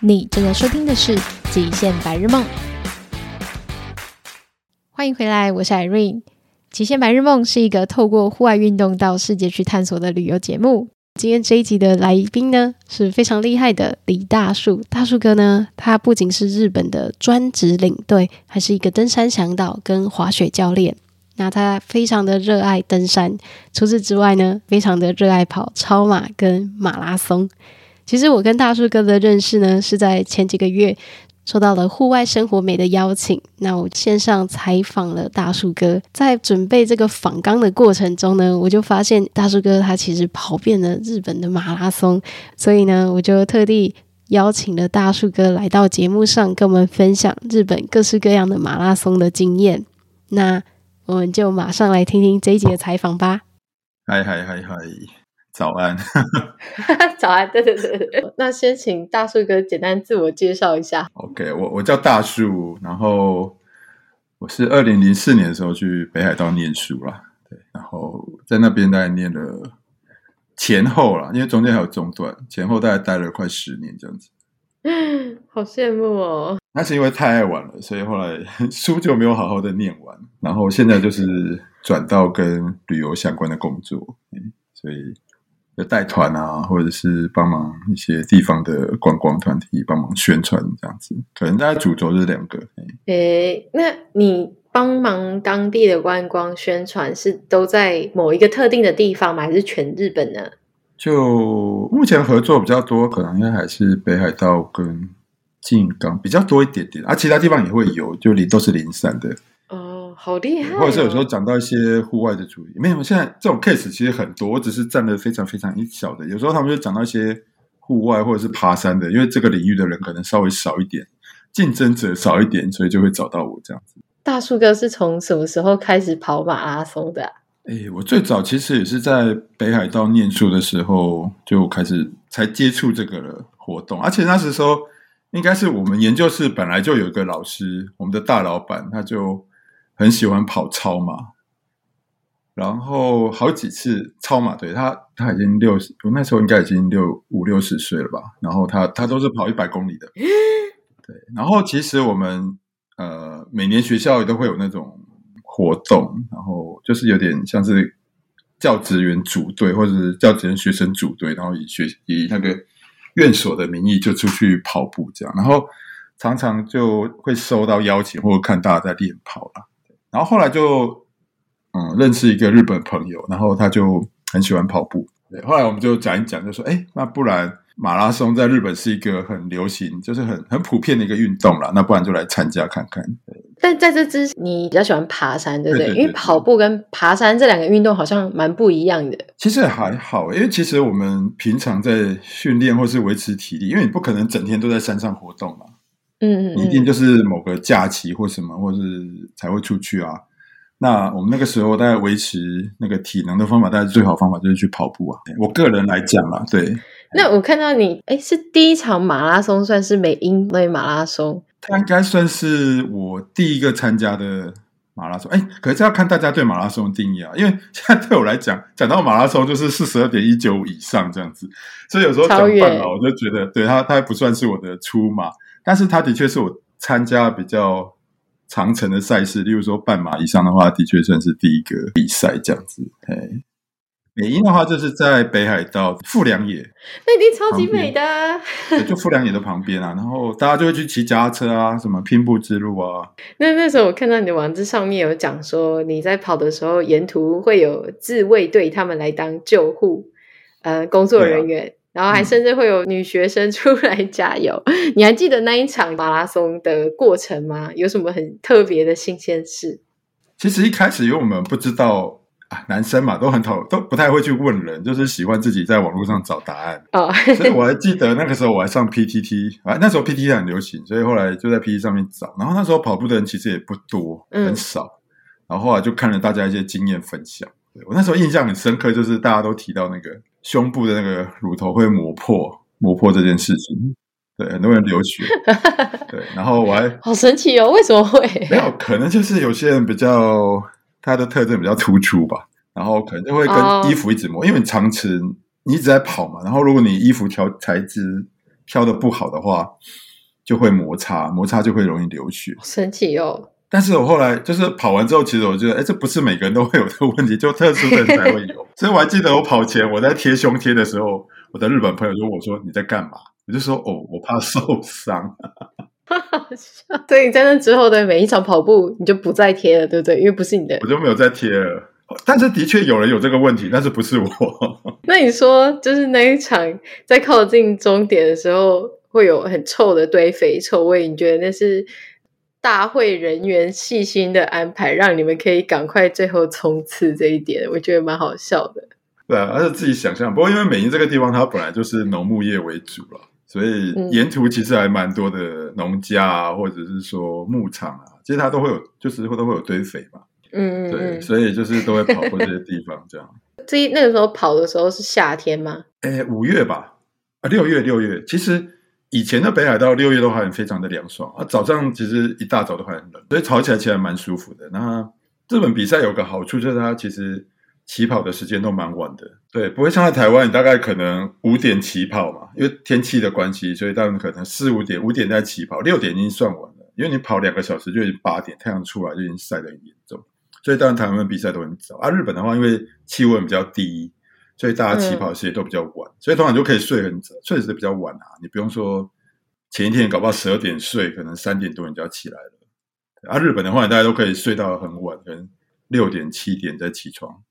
你正在收聽的是《極限白日夢》，歡迎回來，我是 Irene。《極限白日夢》是一個透過戶外運動到世界去探索的旅遊節目。今天這一集的來賓呢是非常厲害的李大樹，大樹哥呢，他不僅是日本的專職領隊，還是一個登山向導跟滑雪教練。那他非常的熱愛登山，除此之外呢，非常的熱愛跑超馬跟馬拉松。其實我跟大樹哥的認識呢，是在前幾個月受到了戶外生活美的邀請。那我線上採訪了大樹哥，在準備這個訪綱的過程中呢，我就發現大樹哥他其實跑遍了日本的馬拉松，所以呢，我就特地邀請了大樹哥來到節目上，跟我們分享日本各式各樣的馬拉松的經驗。那我們就馬上來聽聽這集的採訪吧。嗨嗨嗨嗨！早安， 早安，對對對 那先請大樹哥簡單自我介紹一下。OK，我我叫大樹，然後我是二零零四年的時候去北海道念書啦。對，然後在那邊大概念了前後啦，因為中間還有中斷，前後大概待了快十年這樣子。嗯 好羨慕哦。那是因為太愛玩了，所以後來書就沒有好好的念完，然後現在就是轉到跟旅遊相關的工作，嗯，所以。帶團啊，或者是幫忙一些地方的觀光團體幫忙宣傳，這樣子，可能大概主軸是兩個。誒、欸，那你幫忙當地的觀光宣傳是都在某一個特定的地方嗎？還是全日本呢？就目前合作比較多，可能應該還是北海道跟靜岡比較多一點點，啊，其他地方也會有，就都都是零散的。好厲害、哦！或者是有時候講到一些戶外的主意，沒有。現在這種 case 其實很多，我只是占了非常非常一小的。有時候他們就講到一些戶外或者是爬山的，因為這個領域的人可能稍微少一點，競爭者少一點，所以就會找到我這樣子。大樹哥是從什麼時候開始跑馬拉松的、啊？哎、欸，我最早其實也是在北海道念書的時候就開始才接觸這個了活動，而、啊、且那時候應該是我們研究室本來就有一個老師，我們的大老板他就。很喜歡跑超馬，然後好幾次超馬隊，他他已經六十，我那時候應該已經六五六十歲了吧，然後他他都是跑一百公里的，對，然後其實我們呃每年學校都會有那種活動，然後就是有點像是教職員組隊或者是教職員學生組隊，然後以學以那個院所的名義就出去跑步這樣，然後常常就會收到邀請或者看大家在練跑了。然後後來就，嗯，認識一個日本朋友，然後他就很喜歡跑步。對，後來我們就講一講，就說，哎，那不然馬拉松在日本是一個很流行，就是很很普遍的一個運動啦，那不然就來參加看看。對。但在這之前，你比較喜歡爬山，對不對？對，對，對，對。因為跑步跟爬山這兩個運動好像蠻不一樣的。其實還好，因為其實我們平常在訓練或是維持體力，因為你不可能整天都在山上活動嘛。嗯嗯，一定就是某個假期或什麼，或是才會出去啊。那我們那個時候，大家維持那個體能的方法，大家最好方法就是去跑步啊。我個人來講嘛，對。那我看到你，哎，是第一場馬拉松，算是美瑛類馬拉松、嗯。他應該算是我第一個參加的馬拉松。哎，可是要看大家對馬拉松的定義啊，因為現在對我來講，講到馬拉松就是四十二點一九五以上這樣子，所以有時候講半馬我就覺得，對他，他還不算是我的初馬。但是他的確是我參加了比較長程的賽事，例如說半馬以上的話，的確算是第一個比賽這樣子。哎，美瑛的話就是在北海道富良野，那一定超級美的、啊 ，就富良野的旁邊啊，然後大家就會去騎腳踏車啊，什麼拼布之路啊。那那時候我看到你的網址上面有講說，你在跑的時候沿途會有自衛隊他們來當救護，呃，工作人員。然後還甚至會有女學生出來加油，嗯。你還記得那一場馬拉松的過程嗎？有什麼很特別的新鮮事？其實一開始因為我們不知道啊，男生嘛都很討都不太會去問人，就是喜歡自己在網絡上找答案。哦，所以我還記得那個時候我還上 PTT 啊，那時候 PTT 很流行，所以後來就在 PTT 上面找。然後那時候跑步的人其實也不多，很少。嗯、然後後、啊、來就看了大家一些經驗分享對。我那時候印象很深刻，就是大家都提到那個。胸部的那個乳頭會磨破，磨破這件事情，對，很多人流血。 對，然後我還好神奇哦，為什麼會？沒有，可能就是有些人比較他的特徵比較突出吧，然後可能就會跟衣服一直磨，oh。因為你長時你一直在跑嘛，然後如果你衣服挑材質挑得不好的話，就會摩擦，摩擦就會容易流血，好神奇哦。但是我後來就是跑完之後，其實我覺得，誒，這不是每個人都會有這個問題，就特殊的人才會有。 所以我還記得我跑前我在貼胸貼的時候，我的日本朋友就問我說：“你在幹嘛？”我就說：“哦，我怕受傷。”所以，在那之後的每一場跑步，你就不再貼了，對不對？因為不是你的，我就沒有再貼了。但是，的確有人有這個問題，但是不是我。 那你說，就是那一場在靠近終點的時候，會有很臭的堆肥臭味，你覺得那是？大會人員細心的安排，讓你們可以趕快最後衝刺這一點，我覺得蠻好笑的。對、啊，而且自己想象。不過因為美瑛這個地方，它本來就是農牧業為主了，所以沿途其實還蠻多的農家，啊、或者是說牧場啊，其實它都會有，就是會都會有堆肥嘛。嗯嗯，嗯。對，所以就是都會跑過這些地方這樣。這 那個時候跑的時候是夏天嗎？哎，五月吧，啊，六月六月，其實。以前的北海道六月都還很非常的涼爽啊，早上其實一大早都還很冷，所以跑起來其實蠻舒服的。那日本比賽有個好處就是它其實起跑的時間都蠻晚的，對，不會像在台灣，你大概可能五點起跑嘛，因為天氣的關係，所以當然可能四五點、五點再起跑，六點已經算晚了，因為你跑兩個小時就已經八點，太陽出來就已經曬得很嚴重，所以當然台灣的比賽都很早啊。日本的話，因為氣溫比較低。所以大家起跑的時間都比較晚，嗯、所以通常就可以睡很早，睡得比較晚啊。你不用說前一天搞不好十二點睡，可能三點多你就要起來了。啊，日本的話大家都可以睡到很晚，可能六點七點再起床，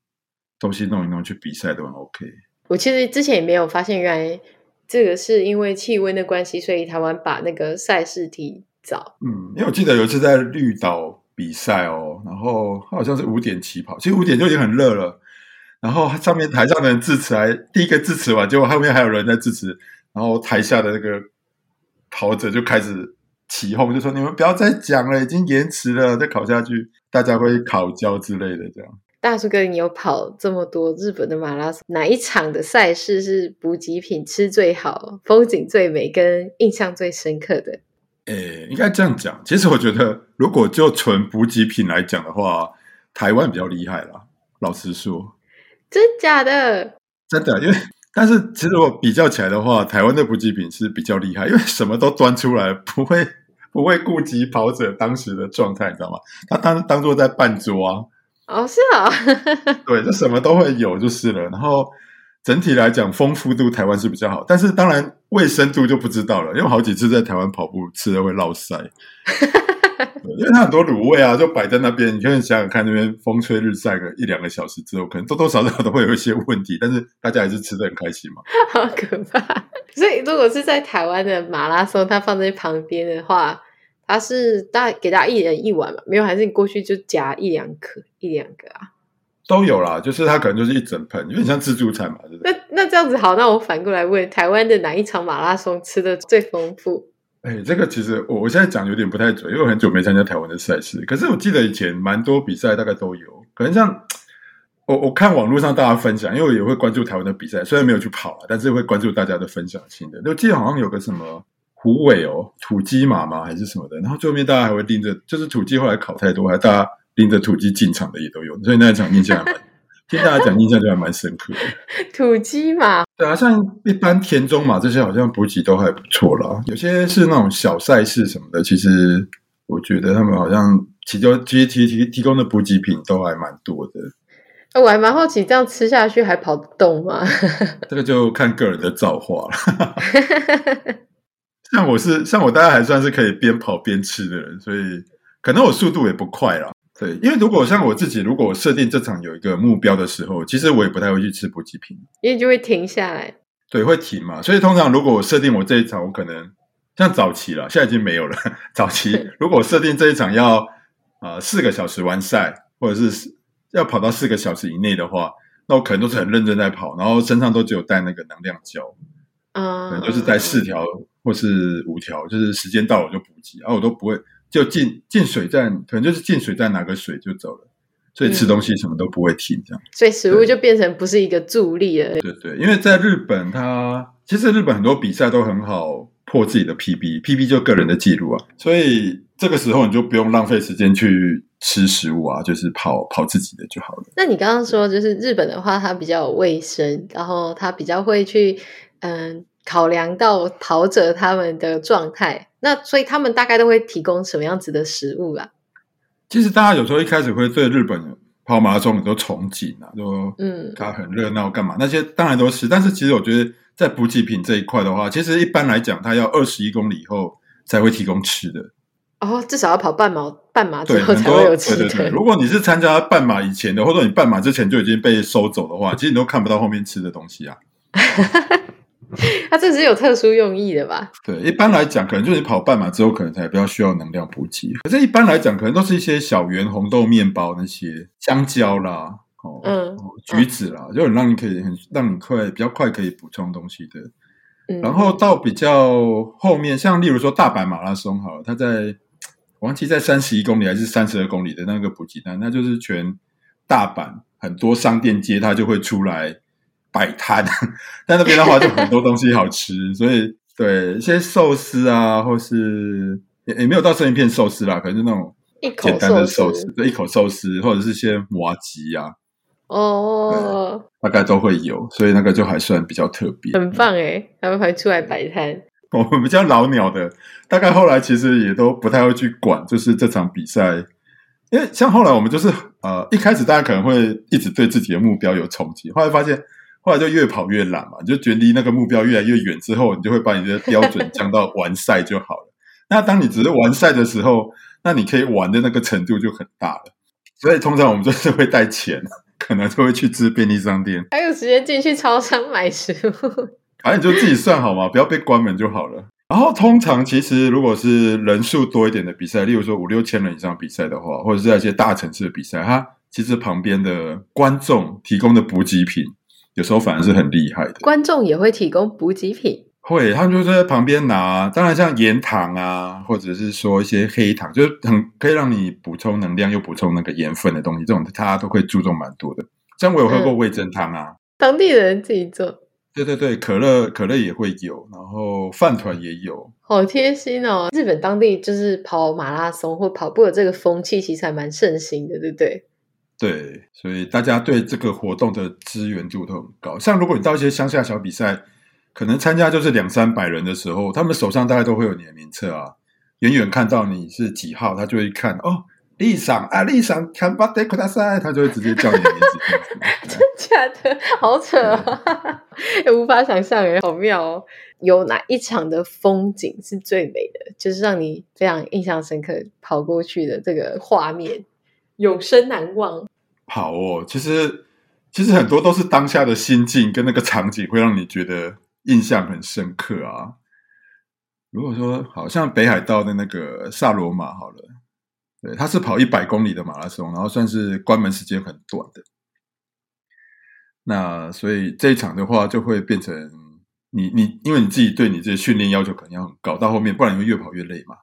東西弄一弄去比賽都很 OK。我其實之前也沒有發現，原來這個是因為氣溫的關係，所以台灣把那個賽事提早。嗯，因為我記得有一次在綠島比賽哦，然後好像是五點起跑，其實五點就已經很熱了。然後上面台上的人致辭，還第一個致辭完，結果後面還有人在致辭。然後台下的那個跑者就開始起鬨，就說：“你們不要再講了，已經延遲了，再烤下去大家會烤焦之類的。”這樣，大樹哥，你有跑這麼多日本的馬拉松，哪一場的賽事是補給品吃最好、風景最美、跟印象最深刻的？誒，應該這樣講。其實我覺得，如果就純補給品來講的話，台灣比較厲害啦。老實說。真的假的？真的，因為但是其實我比較起來的話，台灣的補給品是比較厲害，因為什麼都端出來，不會不會顧及跑者當時的狀態，你知道嗎？他當當做在辦桌啊，哦，是啊、哦， 對，就什麼都會有就是了。然後整體來講，豐富度台灣是比較好，但是當然衛生度就不知道了，因為好幾次在台灣跑步吃了會落賽。 因為它很多滷味啊，就擺在那邊。你現在想想看，那邊風吹日曬個一兩個小時之後，可能多多少少都會有一些問題。但是大家還是吃得很開心嘛。好可怕！所以如果是在台灣的馬拉松，它放在旁邊的話，它是大給大家一人一碗嘛？沒有，還是你過去就夾一兩顆、一兩個啊？都有啦，就是它可能就是一整盆，有點像自助餐嘛。對對，那那，這樣子好，那我反過來問台灣的哪一場馬拉松吃得最豐富？哎，這個其實我我現在講有點不太準，因為我很久沒參加台灣的賽事。可是我記得以前蠻多比賽大概都有，可能像我我看網絡上大家分享，因為我也會關注台灣的比賽，雖然沒有去跑啊，但是會關注大家的分享性的。我記得好像有個什麼虎尾哦，土雞麻麻還是什麼的，然後最後面大家還會拎著，就是土雞後來烤太多，還大家拎著土雞進場的也都有，所以那一場印象還蠻。 聽大家講，印象就還蠻深刻的。土雞嘛，對啊，像一般田中馬，這些，好像補給都還不錯啦。有些是那種小賽事什麼的，其實我覺得他們好像提供其實提提提供的補給品都還蠻多的。我還蠻好奇，這樣吃下去還跑得動嗎？ 這個就看個人的造化啦。 像我是像我，大概還算是可以邊跑邊吃的人，所以可能我速度也不快啦。對，因為如果像我自己，如果我設定這場有一個目標的時候，其實我也不太會去吃補給品，因為就會停下來。對，會停嘛。所以通常如果我設定我這一場，我可能像早期了，現在已經沒有了。早期如果我設定這一場要啊四、 呃、個小時完賽，或者是要跑到四個小時以內的話，那我可能都是很認真在跑，然後身上都只有帶那個能量膠，嗯、uh...，可能就是帶四條或是五條，就是時間到了我就補給，然後我都不會。就進進水站，可能就是進水站拿個水就走了，所以吃東西什麼都不會停這樣。嗯、所以食物就變成不是一個助力了。對對，因為在日本它，它其實日本很多比賽都很好破自己的 PB，PB PB 就個人的記錄啊。所以這個時候你就不用浪費時間去吃食物啊，就是跑跑自己的就好了。那你剛剛說，就是日本的話，它比較有衛生，然後它比較會去嗯。考量到跑者他們的狀態，那所以他們大概都會提供什麼樣子的食物啊？其實大家有時候一開始會對日本跑馬拉松很多憧憬啊，就嗯，他很熱鬧，幹嘛、嗯、那些當然都是。但是其實我覺得在補給品這一塊的話，其實一般來講，他要二十一公里以後才會提供吃的。哦，至少要跑半馬，半馬之後才會有吃的。如果你是參加半馬以前的， 或者你半馬之前就已經被收走的話，其實你都看不到後面吃的東西啊。 它、 啊、這是有特殊用意的吧？對，一般來講，可能就是你跑半馬之後，可能才比較需要能量補給。可是，一般來講，可能都是一些小圓紅豆麵包那些香蕉啦，哦，嗯、橘子啦、嗯，就很讓你可以很讓你快比較快可以補充東西的、嗯。然後到比較後面，像例如說大阪馬拉松，好了，它在我忘記在三十一公里還是三十二公里的那個補給站，那就是全大阪很多商店街，它就會出來。擺攤，在那邊的話就很多東西好吃， 所以對一些壽司啊，或是也也沒有到生魚片壽司啦，可能就那種簡單的壽司，一口壽司，對，一口壽司，或者是些麻糬呀，哦、oh.，大概都會有，所以那個就還算比較特別，很棒哎、欸，他們還會出來擺攤。我們比較老鳥的，大概後來其實也都不太會去管，就是這場比賽，因為像後來我們就是呃一開始大家可能會一直對自己的目標有憧憬，後來發現。後來就越跑越懶嘛，你就覺得離那個目標越來越遠之後，你就會把你的標準降到完賽就好了。 那當你只是完賽的時候，那你可以玩的那個程度就很大了。所以通常我們就是會帶錢，可能就會去支便利商店，還有時間進去超商買食物， 反正就自己算好嘛，不要被關門就好了。然後通常其實如果是人數多一點的比賽，例如說五六千人以上比賽的話，或者是在一些大城市的比賽哈，它其實旁邊的觀眾提供的補給品。有時候反而是很厲害的，觀眾也會提供補給品。會，他們就在旁邊拿。當然，像鹽糖啊，或者是說一些黑糖，就是很可以讓你補充能量又補充那個鹽分的東西，這種大家都會注重蠻多的。像我有喝過味噌湯啊，嗯、當地人自己做。對對對，可樂可樂也會有，然後飯糰也有，好貼心哦。日本當地就是跑馬拉松或跑步的這個風氣其實還蠻盛行的，對不對？對，所以大家對這個活動的支援度都很高。像如果你到一些鄉下小比賽，可能參加就是兩三百人的時候，他們手上大概都會有你的名冊啊。遠遠看到你是幾號，他就會看哦，麗莎啊，麗莎，come b t 賽，他就會直接叫你的名字。 真假的，好扯哦，啊！ 無法想象耶，好妙哦。有哪一場的風景是最美的？就是讓你非常印象深刻，跑過去的這個畫面。永生難忘。好哦，其實其實很多都是當下的心境跟那個場景會讓你覺得印象很深刻啊。如果說好像北海道的那個薩羅馬好了，對，它是跑一百公里的馬拉松，然後算是關門時間很短的。那所以這一場的話，就會變成你你因為你自己對你這訓練要求可能要很高，到後面不然你會越跑越累嘛。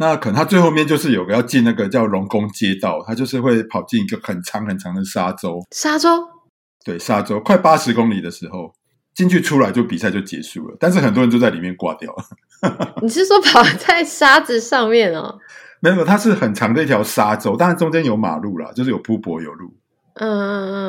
那可能他最後面就是有個要進那個叫龍宮街道，他就是會跑進一個很長很長的沙洲。沙洲？對，沙洲，快八十公里的時候進去出來就比賽就結束了，但是很多人就在裡面掛掉了。 你是說跑在沙子上面哦、啊？沒有，它是很長的一條沙洲，當然中間有馬路啦，就是有瀑布有路。嗯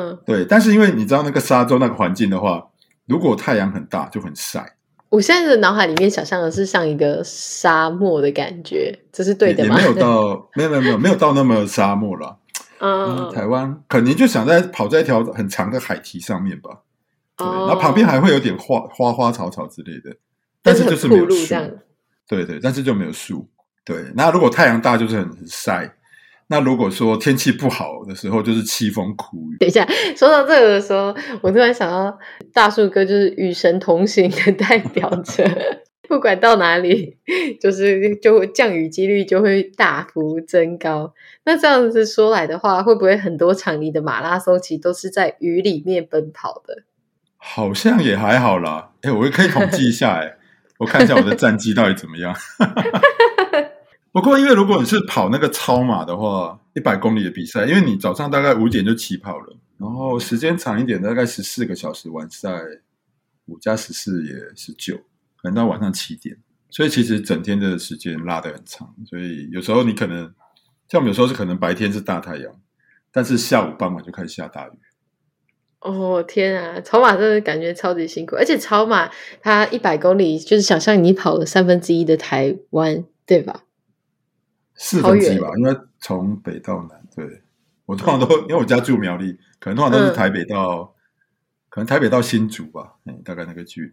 嗯嗯，對。但是因為你知道那個沙洲那個環境的話，如果太陽很大就很曬。我現在的腦海裡面想象的是像一個沙漠的感覺，這是對的嗎？也沒有到， 沒有沒有沒有沒有到那麼沙漠了。Oh. 嗯，台灣可能就想在跑在一條很長的海堤上面吧。對，oh. 然後旁邊還會有點花花花草草之類的，但是就是沒有樹。對對，但是就沒有樹。對，那如果太陽大，就是很很曬。那如果說天氣不好的時候，就是淒風苦雨。等一下，說到這個的時候，我突然想到，大樹哥就是與神同行的代表着 不管到哪裡，就是就降雨幾率就會大幅增高。那這樣子說來的話，會不會很多場你的馬拉松其實都是在雨裡面奔跑的？好像也還好啦。哎，我可以統計一下哎， 我看一下我的戰績到底怎麼樣。 不過，因為如果你是跑那個超馬的話，一百公里的比賽，因為你早上大概五點就起跑了，然後時間長一點，大概十四個小時完賽，五加十四也是十九，可能到晚上七點。所以其實整天的時間拉得很長，所以有時候你可能像我們有時候是可能白天是大太陽，但是下午傍晚就開始下大雨。哦天啊，超馬真的感覺超級辛苦，而且超馬它一百公里就是想象你跑了三分之一的台灣，對吧？四分之吧，因為從北到南，對我通常都，因為我家住苗栗，可能通常都是台北到，嗯、可能台北到新竹吧，大概那個距離。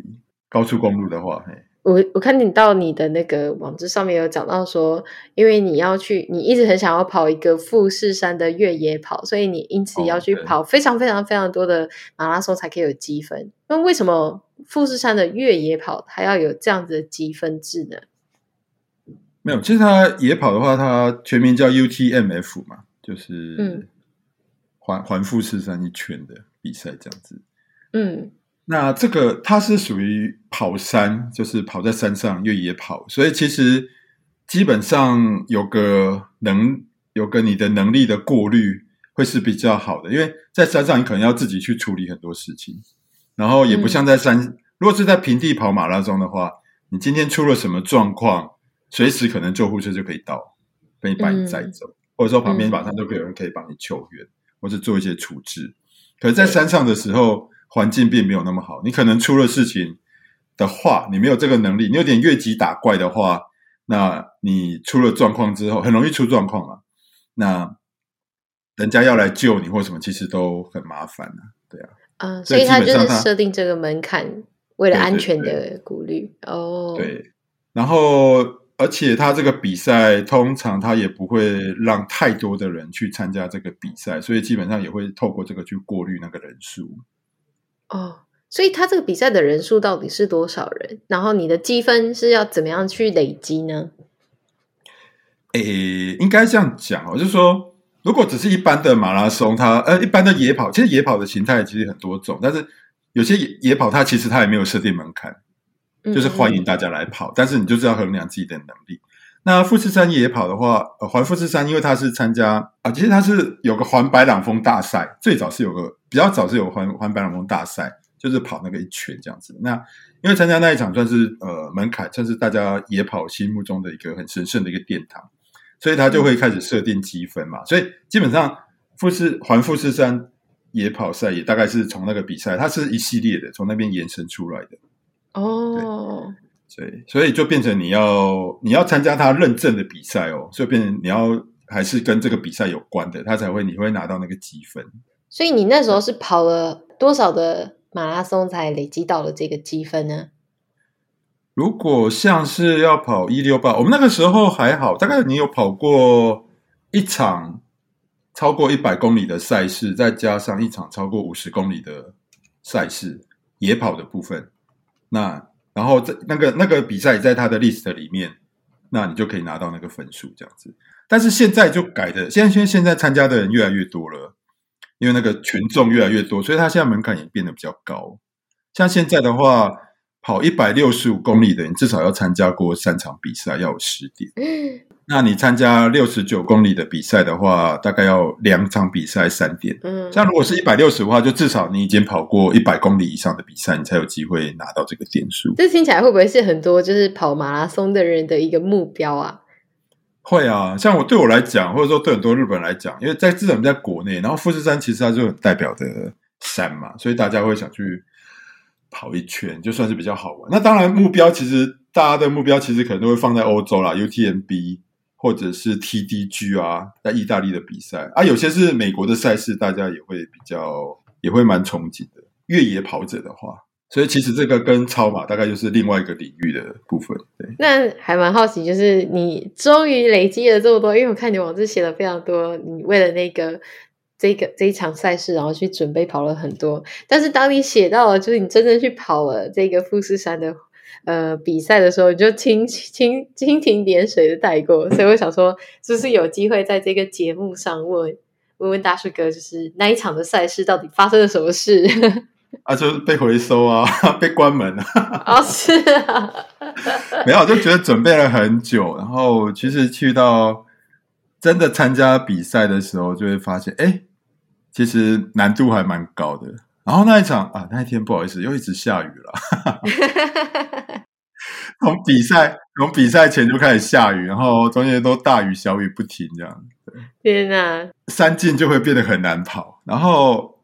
高速公路的話，嘿，我我看你到你的那個網址上面有講到說，因為你要去，你一直很想要跑一個富士山的越野跑，所以你因此要去跑非常非常非常多的馬拉松才可以有積分、哦。那為什麼富士山的越野跑還要有這樣子的積分制呢？沒有，其實它野跑的話，它全名叫 UTMF 嘛，就是環、嗯、環富士山一圈的比賽這樣子。嗯，那這個它是屬於跑山，就是跑在山上越野跑，所以其實基本上有個能有個你的能力的過濾會是比較好的，因為在山上你可能要自己去處理很多事情，然後也不像在山，嗯、如果是在平地跑馬拉松的話，你今天出了什麼狀況，隨時可能救護車就可以到，可以把你載走，嗯，或者說旁邊，馬上就會有人可以幫、嗯、你救援，或者做一些處置。可是在山上的時候，環境並沒有那麼好。你可能出了事情的話，你沒有這個能力，你有點越級打怪的話，那你出了狀況之後，很容易出狀況啊。那人家要來救你或什麼，其實都很麻煩啊。對啊，啊所以他就是設定這個門檻，為了安全的顧慮哦。對，對，對，oh. 對，然後。而且他這個比賽通常他也不會讓太多的人去參加這個比賽，所以基本上也會透過這個去過濾那個人數。哦，所以他這個比賽的人數到底是多少人？然後你的積分是要怎麼樣去累積呢？誒，應該這樣講哦，就是說，如果只是一般的馬拉松他，它呃一般的野跑，其實野跑的形態其實很多種，但是有些野野跑它其實它也沒有設定門檻。就是歡迎大家來跑，嗯嗯，但是你就是要衡量自己的能力。那富士山野跑的話，呃，環富士山，因為他是參加啊，其實他是有個環白朗峰大賽，最早是有個比較早是有環環白朗峰大賽，就是跑那個一圈這樣子。那因為參加那一場算是呃門檻，算是大家野跑心目中的一個很神聖的一個殿堂，所以他就會開始設定積分嘛。嗯、所以基本上富士環富士山野跑賽也大概是從那個比賽，它是一系列的，從那邊延伸出來的。哦、對，所以所以就變成你要你要參加他認證的比賽哦，就變成你要還是跟這個比賽有關的，他才會你會拿到那個積分。所以你那時候是跑了多少的馬拉松才累積到了這個積分呢？如果像是要跑一六八，我們那個時候還好，大概你有跑過一場超過一百公里的賽事，再加上一場超過五十公里的賽事，野跑的部分。那然後在那個那個比賽也在他的 list 裡面，那你就可以拿到那個分數這樣子。但是現在就改的，現在現現在參加的人越來越多了，因為那個群眾越來越多，所以他現在門檻也變得比較高。像現在的話，跑一百六十五公里的人至少要參加過三場比賽，要有十點。嗯那你參加六十九公里的比賽的話，大概要兩場比賽三點。嗯，像如果是一百六十的話，就至少你已經跑過一百公里以上的比賽，你才有機會拿到這個點數。這聽起來會不會是很多就是跑馬拉松的人的一個目標啊？會啊，像我對我來講，或者說對很多日本人來講，因為在至少在國內，然後富士山其實它就很代表着山嘛，所以大家會想去跑一圈，就算是比較好玩。那當然目標其實大家的目標其實可能都會放在歐洲啦，UTMB。或者是 T D G 啊，在意大利的比賽啊，有些是美國的賽事，大家也會比較，也會蠻憧憬的。越野跑者的話，所以其實這個跟超馬大概就是另外一個領域的部分。對，那還蠻好奇，就是你終於累積了這麼多，因為我看你網誌寫了非常多，你為了那個這個這一場賽事，然後去準備跑了很多。但是當你寫到了，就是你真正去跑了這個富士山的話。呃，比賽的時候你就蜻蜻蜻蜓點水的帶過，所以我想說，是不是有機會在這個節目上問問問大樹哥，就是那一場的賽事到底發生了什麼事？啊，就是被回收啊，被關門啊。哦，是啊，是 ，沒有，就覺得準備了很久，然後其實去到真的參加比賽的時候，就會發現，哎，其實難度還蠻高的。然後那一場啊，那一天不好意思，又一直下雨了。哈哈哈哈哈！從比賽從比賽前就開始下雨，然後中間都大雨小雨不停，這樣。天哪！山徑就會變得很難跑。然後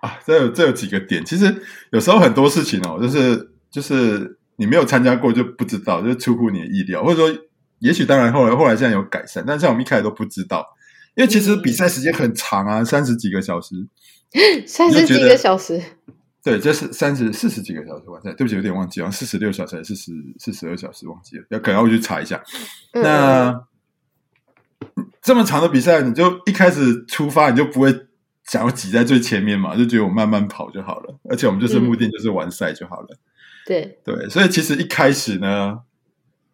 啊，這有這有幾個點。其實有時候很多事情哦，就是就是你沒有參加過就不知道，就是、出乎你的意料，或者說也許當然後來後來現在有改善，但像我們一開始都不知道，因為其實比賽時間很長啊，嗯、三十幾個小時。 三十幾個小時，對，這、就是三十四十幾個小時完賽。對不起，有點忘記，了。四十六小時還是四十、四十二小時忘記了。要趕快回去查一下。嗯、那這麼長的比賽，你就一開始出發，你就不會想要擠在最前面嘛？就覺得我慢慢跑就好了，而且我們就是目的就是完賽就好了。嗯、對對，所以其實一開始呢。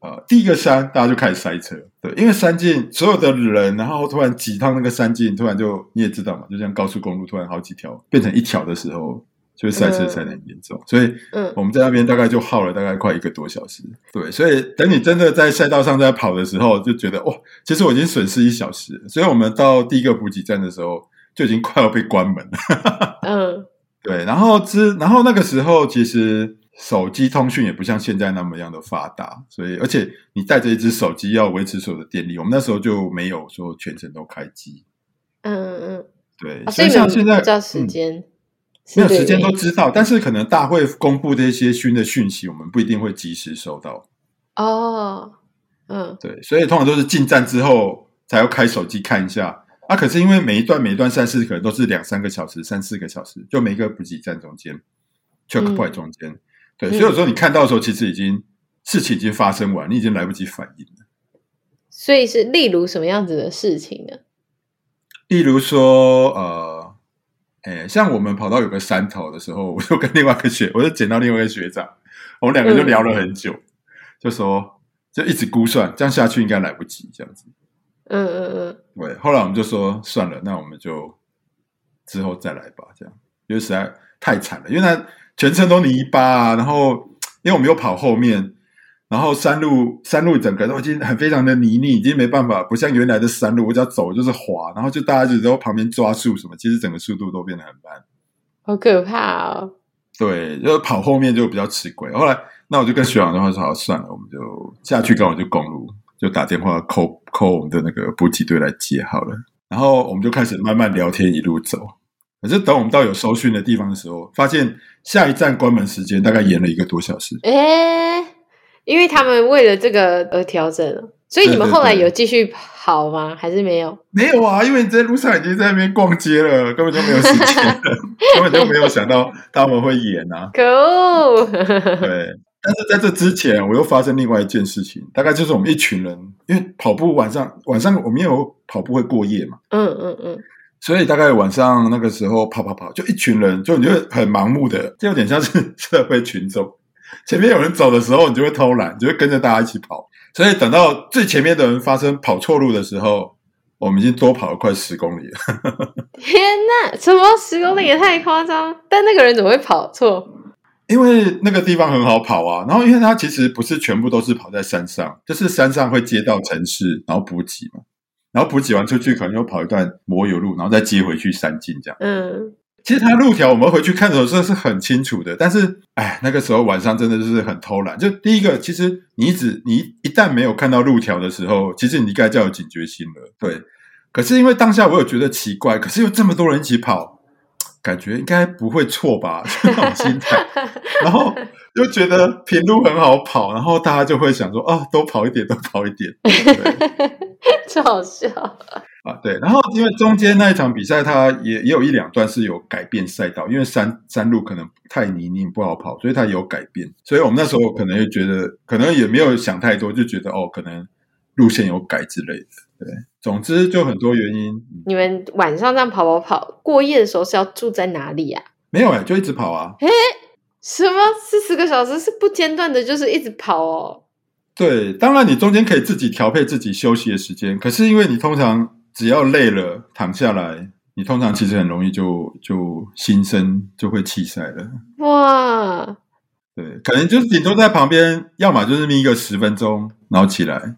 呃，第一個山大家就開始塞車，對，因為山徑所有的人，然後突然擠到那個山徑，突然就你也知道嘛，就像高速公路突然好幾條變成一條的時候，就塞車塞得很嚴重，嗯，所以，嗯，我們在那邊大概就耗了大概快一個多小時，對，所以等你真的在賽道上在跑的時候，就覺得哇，哦，其實我已經損失一小時，所以我們到第一個補給站的時候就已經快要被關門了， 嗯，對，然後之然後那個時候其實。手機通訊也不像現在那麼樣的發達，所以而且你帶着一隻手機要維持所有的電力，我們那時候就沒有說全程都開機。嗯嗯，對，所、啊、以像現在沒有時間，嗯、沒有時間都知道、嗯，但是可能大會公布的一些新的訊息，我們不一定會及時收到。哦，嗯，對，所以通常都是進站之後才要開手機看一下。啊，可是因為每一段每一段賽事可能都是兩三個小時、三四個小時，就每一個補給站中間、嗯、，checkpoint 中間。對，所以有時候你看到的時候，其實已經事情已經發生完了，你已經來不及反應了。所以是例如什麼樣子的事情呢？例如說，呃，哎、欸，像我們跑到有個山頭的時候，我就跟另外一個學，我就撿到另外一個學長，我們兩個就聊了很久，嗯、就說就一直估算，這樣下去應該來不及這樣子。嗯嗯嗯對。後來我們就說算了，那我們就之後再來吧，這樣，因為實在太慘了，因為他。全程都泥巴啊，然後因為我們又跑後面，然後山路山路整個都已經很非常的泥濘，已經沒辦法，不像原來的山路，我只要走就是滑，然後就大家就在旁邊抓樹什麼，其實整個速度都變得很慢，好可怕哦！對，就跑後面就比較吃虧。後來那我就跟徐朗的話說：“好算了，我們就下去搞，就公路，就打電話扣扣我們的那個補給隊來接好了。”然後我們就開始慢慢聊天，一路走。可是等我們到有收訊的地方的時候，發現下一站關門時間大概延了一個多小時。哎、欸，因為他們為了這個而調整，所以你們後來有繼續跑嗎？還是沒有？對對對，沒有啊，因為你在路上已經在那邊逛街了，根本就沒有時間， 根本就沒有想到他們會延啊！可惡。 對。但是在這之前，我又發生另外一件事情，大概就是我們一群人，因為跑步晚上晚上我們有跑步會過夜嘛？嗯嗯嗯。嗯所以大概晚上那個時候跑跑跑，就一群人，就你就很盲目的，就有點像是社會群眾。前面有人走的時候，你就會偷懶，你就會跟着大家一起跑。所以等到最前面的人發生跑錯路的時候，我們已經多跑了快十公里了。了。天哪，什麼十公里也太誇張，嗯！但那個人怎麼會跑錯？因為那個地方很好跑啊。然後因為他其實不是全部都是跑在山上，就是山上會接到城市，然後補給嘛。然後補給完出去，可能又跑一段摩友路，然後再接回去山徑這樣。嗯，其實它路條我們回去看的時候是很清楚的，但是哎，那個時候晚上真的是很偷懶。就第一個，其實你只你一,一旦沒有看到路條的時候，其實你應該要有警覺心了。對，可是因為當下我有覺得奇怪，可是又這麼多人一起跑。感覺應該不會錯吧，就那種心態， 然後就覺得平路很好跑，然後大家就會想說，啊、哦，多跑一點，多跑一點，對 好笑啊，啊，對。然後因為中間那一場比賽，它也也有一兩段是有改變賽道，因為山山路可能太泥濘不好跑，所以它有改變。所以我們那時候可能就覺得，可能也沒有想太多，就覺得哦，可能路線有改之類的，對。總之，就很多原因。你們晚上這樣跑跑跑，過夜的時候是要住在哪裡啊？沒有哎、欸，就一直跑啊。哎、欸，什麼四十個小時是不間斷的，就是一直跑哦。對，當然你中間可以自己調配自己休息的時間，可是因為你通常只要累了躺下來，你通常其實很容易就就心生就會棄賽了。哇，對，可能就是頂多在旁邊，要麼就是眯個十分鐘，然後起來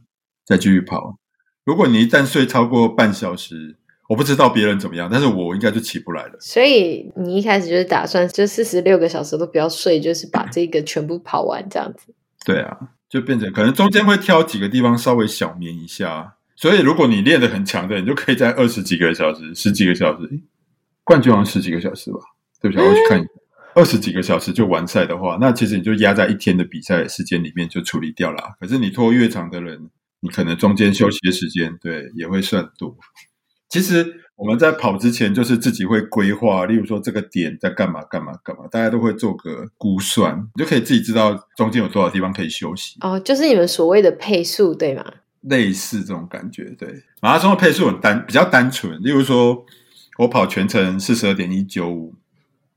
再繼續跑。如果你一旦睡超過半小時，我不知道別人怎麼樣，但是我應該就起不來了。所以你一開始就是打算就四十六個小時都不要睡，就是把這個全部跑完這樣子。 對啊，就變成可能中間會挑幾個地方稍微小眠一下。所以如果你練得很強的，你就可以在二十幾個小時、十幾個小時，冠軍好像十幾個小時吧，對不對、嗯我去看一下，二十幾個小時就完賽的話，那其實你就壓在一天的比賽時間裡面就處理掉了。可是你拖越長的人，你可能中間休息的時間，對，也會算多。其實我們在跑之前，就是自己會規劃，例如說這個點在幹嘛、幹嘛、幹嘛，大家都會做個估算，你就可以自己知道中間有多少地方可以休息。哦，就是你們所謂的配速，對嗎？類似這種感覺，對。馬拉松的配速很單，比較單純。例如說，我跑全程四十二點一九五。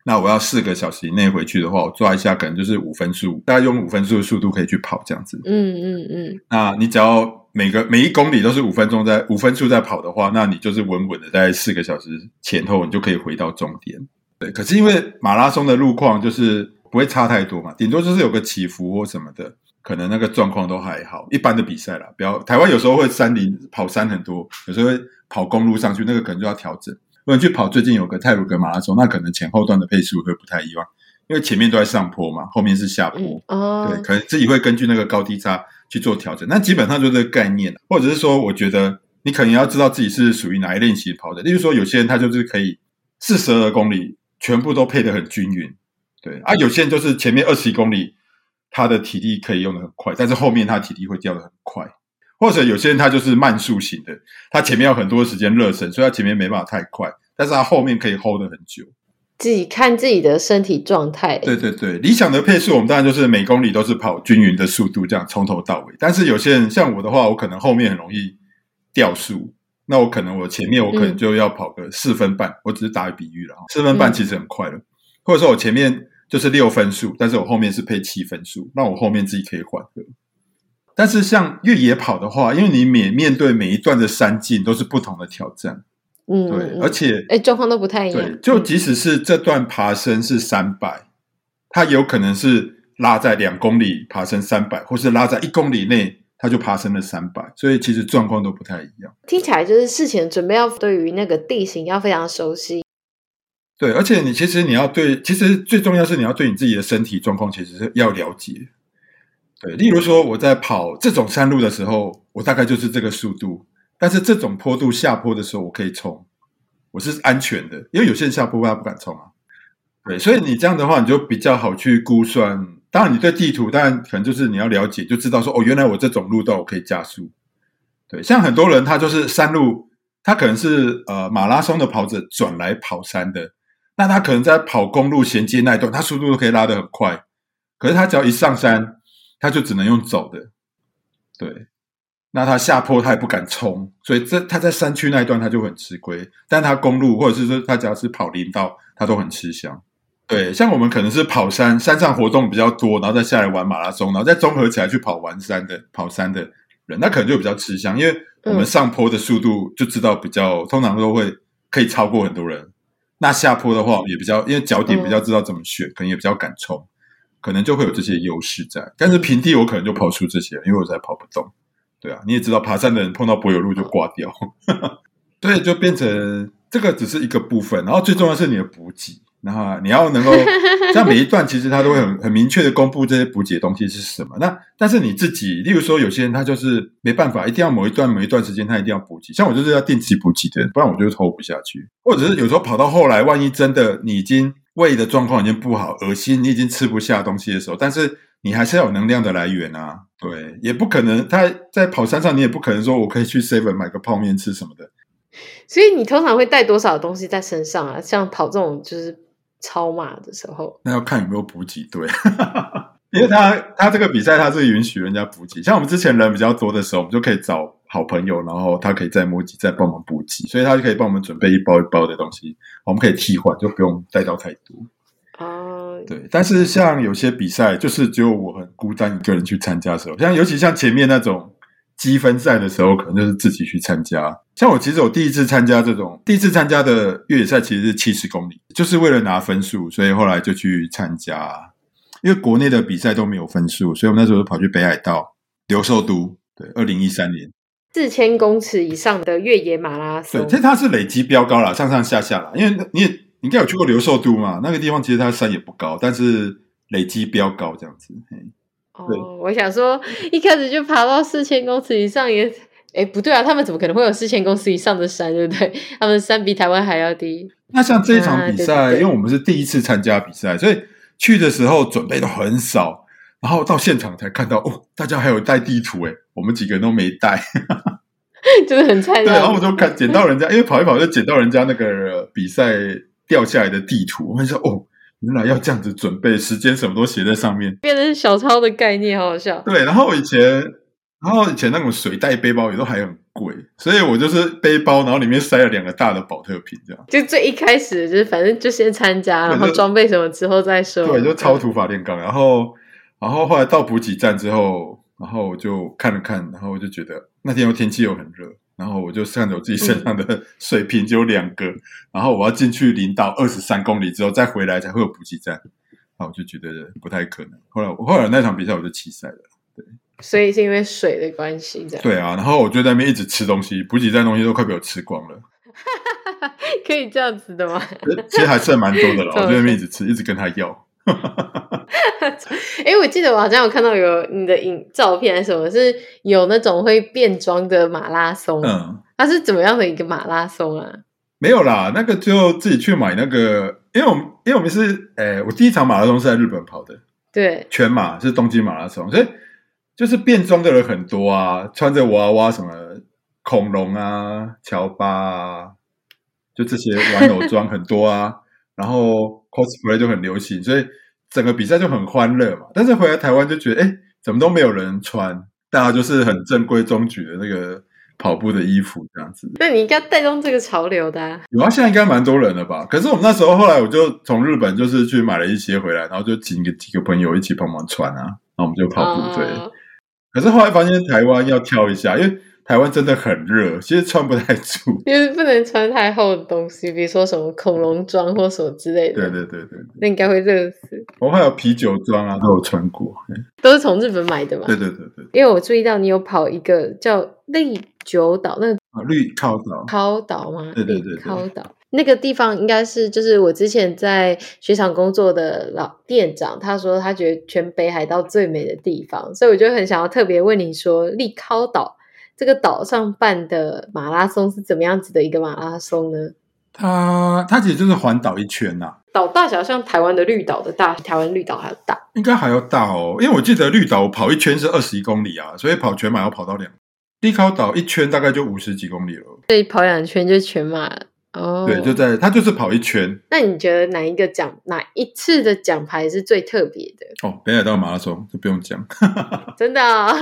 那我要四個小時以內回去的話，我抓一下可能就是五分速，大概用五分速的速度可以去跑這樣子。嗯嗯嗯。那你只要每個每一公里都是五分鐘在五分速在跑的話，那你就是穩穩的在四個小時前後，你就可以回到終點。對，可是因為馬拉松的路況就是不會差太多嘛，頂多就是有個起伏或什麼的，可能那個狀況都還好。一般的比賽啦，不要台灣有時候會山林跑山很多，有時候會跑公路上去，那個可能就要調整。如果你去跑最近有個太魯閣馬拉松，那可能前後段的配速會不太一樣，因為前面都在上坡嘛，後面是下坡，對，可能自己會根據那個高低差去做調整。那基本上就是這個概念。或者是說，我覺得你可能要知道自己是屬於哪一練習跑的。例如說，有些人他就是可以四十二公里全部都配得很均勻，對，啊，有些人就是前面二十公里他的體力可以用得很快，但是後面他體力會掉得很快。或者有些人他就是慢速型的，他前面要很多時間熱身，所以他前面沒辦法太快，但是他後面可以 hold 得很久。自己看自己的身體狀態、欸。對對對，理想的配速我們當然就是每公里都是跑均勻的速度，這樣從頭到尾。但是有些人像我的話，我可能後面很容易掉速，那我可能我前面我可能就要跑個四分半，嗯、我只是打個比喻了，四分半其實很快了、嗯。或者說我前面就是六分速，但是我後面是配七分速，那我後面自己可以緩但是像越野跑的話，因為你每面對每一段的山徑，都是不同的挑戰，嗯，對，而且哎，狀況都不太一樣，對。就即使是這段爬升是三百，嗯，它有可能是拉在兩公里爬升三百，或是拉在一公里內，它就爬升了三百，所以其實狀況都不太一樣。聽起來就是事前準備要對於那個地形要非常熟悉，對，而且你其實你要對，其實最重要是你要對你自己的身體狀況其實是要了解。對，例如說我在跑這種山路的時候，我大概就是這個速度。但是這種坡度下坡的時候，我可以衝，我是安全的，因為有些人下坡他不敢衝啊。對，所以你這樣的話，你就比較好去估算。當然，你對地圖，當然可能就是你要了解，就知道說哦，原來我這種路段我可以加速。對，像很多人他就是山路，他可能是呃馬拉松的跑者轉來跑山的，那他可能在跑公路銜接那一段，他速度都可以拉得很快。可是他只要一上山，他就只能用走的，對，那他下坡他也不敢衝，所以這他在山區那一段他就很吃虧，但他公路或者是說他只要是跑林道，他都很吃香。對，像我們可能是跑山，山上活動比較多，然後再下來玩馬拉松，然後再綜合起來去跑完山的跑山的人，那可能就比較吃香，因為我們上坡的速度就知道比較，嗯、通常都會可以超過很多人。那下坡的話也比較，因為腳點比較知道怎麼選、嗯，可能也比較敢衝。可能就會有這些優勢在，但是平地我可能就跑出這些，因為我實在跑不動。對啊，你也知道，爬山的人碰到柏油路就掛掉，所以就變成這個只是一個部分。然後最重要的是你的補給，然後你要能夠像每一段，其實它都會很 很明確的公布這些補給的東西是什麼。那但是你自己，例如說有些人他就是沒辦法，一定要某一段某一段時間他一定要補給，像我就是要定期補給的人，不然我就 hold 不下去。或者是有時候跑到後來，萬一真的你已經。胃的狀況已經不好，噁心，你已經吃不下東西的時候，但是你還是要有能量的來源啊。對，也不可能他在跑山上，你也不可能說我可以去 seven 買個泡麵吃什麼的。所以你通常會帶多少東西在身上啊？像跑這種就是超馬的時候，那要看有沒有補給，對。哈哈哈，因為他他這個比賽他是允許人家補給，像我們之前人比較多的時候，我們就可以找。好朋友，然後他可以再摸機，再幫忙補給，所以他就可以幫我們準備一包一包的東西，我們可以替換，就不用帶到太多。哦，對。但是像有些比賽，就是只有我很孤單一個人去參加的時候，像尤其像前面那種積分賽的時候，可能就是自己去參加。像我其實我第一次參加這種第一次參加的越野賽，其實是七十公里，就是為了拿分數，所以後來就去參加。因為國內的比賽都沒有分數，所以我們那時候跑去北海道留壽都。對，二零一三年。四千公尺以上的越野馬拉松，對，其實它是累積標高啦，上上下下啦。因為你你應該有去過留壽都嘛，那個地方其實它的山也不高，但是累積標高這樣子嘿。哦，我想說，一開始就爬到四千公尺以上也，哎，不對啊，他們怎麼可能會有四千公尺以上的山，對不對？他們山比台灣還要低。那像這一場比賽，啊、對對對，因為我們是第一次參加比賽，所以去的時候準備的很少，然後到現場才看到哦，大家還有帶地圖哎。我們幾個人都沒帶 ， 就是很菜。對，然後我就看撿到人家，因為跑一跑就撿到人家那個、呃、比賽掉下來的地圖，我就說，哦，原來要這樣子準備，時間什麼都寫在上面，變成小抄的概念，好好笑。對，然後以前，然後以前那種水袋背包也都還很貴，所以我就是背包，然後裡面塞了兩個大的保特瓶，這樣。就最一開始就是反正就先參加，然後裝備什麼之後再說。對，就超土法煉鋼，然後，然後後來到補給站之後。然後我就看了看，然後我就覺得那天又天氣又很熱，然後我就看着我自己身上的水瓶只有兩個，嗯，然後我要進去零到二十三公里之後再回來才會有補給站，然後我就覺得不太可能。後來我後來那場比賽我就棄賽了，對。所以是因為水的關係，對啊，然後我就在那邊一直吃東西，補給站東西都快被我吃光了。哈哈哈哈，可以這樣子的嗎？ 其實還剩蠻多的了，我就在那邊一直吃，一直跟他要。哈哈哈哈哈！哎，我記得我好像有看到有你的影照片還是什麼，是有那種會變裝的馬拉松。嗯，它是怎麼樣的一個馬拉松啊？沒有啦，那個就自己去買那個，因為我因為我們是、欸，我第一場馬拉松是在日本跑的，對，全馬是東京馬拉松，所以就是變裝的人很多啊，穿着娃娃什麼恐龍啊、喬巴啊，就這些玩偶裝很多啊， 然後。cosplay 就很流行，所以整個比賽就很歡樂嘛。但是回來台灣就覺得，哎，怎麼都沒有人穿，大家就是很正規中矩的那個跑步的衣服這樣子。那你應該帶動這個潮流的，有啊，現在應該蠻多人了吧？可是我們那時候後來，我就從日本就是去買了一些回來，然後就請個幾個朋友一起幫忙穿啊，然後我們就跑步對、啊。可是後來發現台灣要挑一下，因為。台灣真的很熱，其實穿不太住，因、就、為、是、不能穿太厚的東西，比如說什麼恐龍裝或什麼之類的。對對對對，那應該會熱死。我還有啤酒裝啊，都有穿過，欸、都是從日本買的嘛。對對對對，因為我注意到你有跑一個叫利尻島，那個、啊利尻島，尻島嗎？對對對，對，尻島那個地方應該是就是我之前在雪場工作的老店長，他說他覺得全北海道最美的地方，所以我就很想要特別問你說利尻島。這個島上辦的馬拉松是怎麼樣子的一個馬拉松呢？它它其實就是環島一圈吶、啊。島大小像台灣的綠島的大，台灣綠島還要大，應該還要大哦。因為我記得綠島我跑一圈是二十一公里啊，所以跑全馬要跑到兩。利尻島一圈大概就五十幾公里了，所以跑兩圈就全馬。Oh. 對，就在他就是跑一圈。那你覺得哪一個獎，哪一次的獎牌是最特別的？哦，北海道馬拉松就不用講， 真的、哦。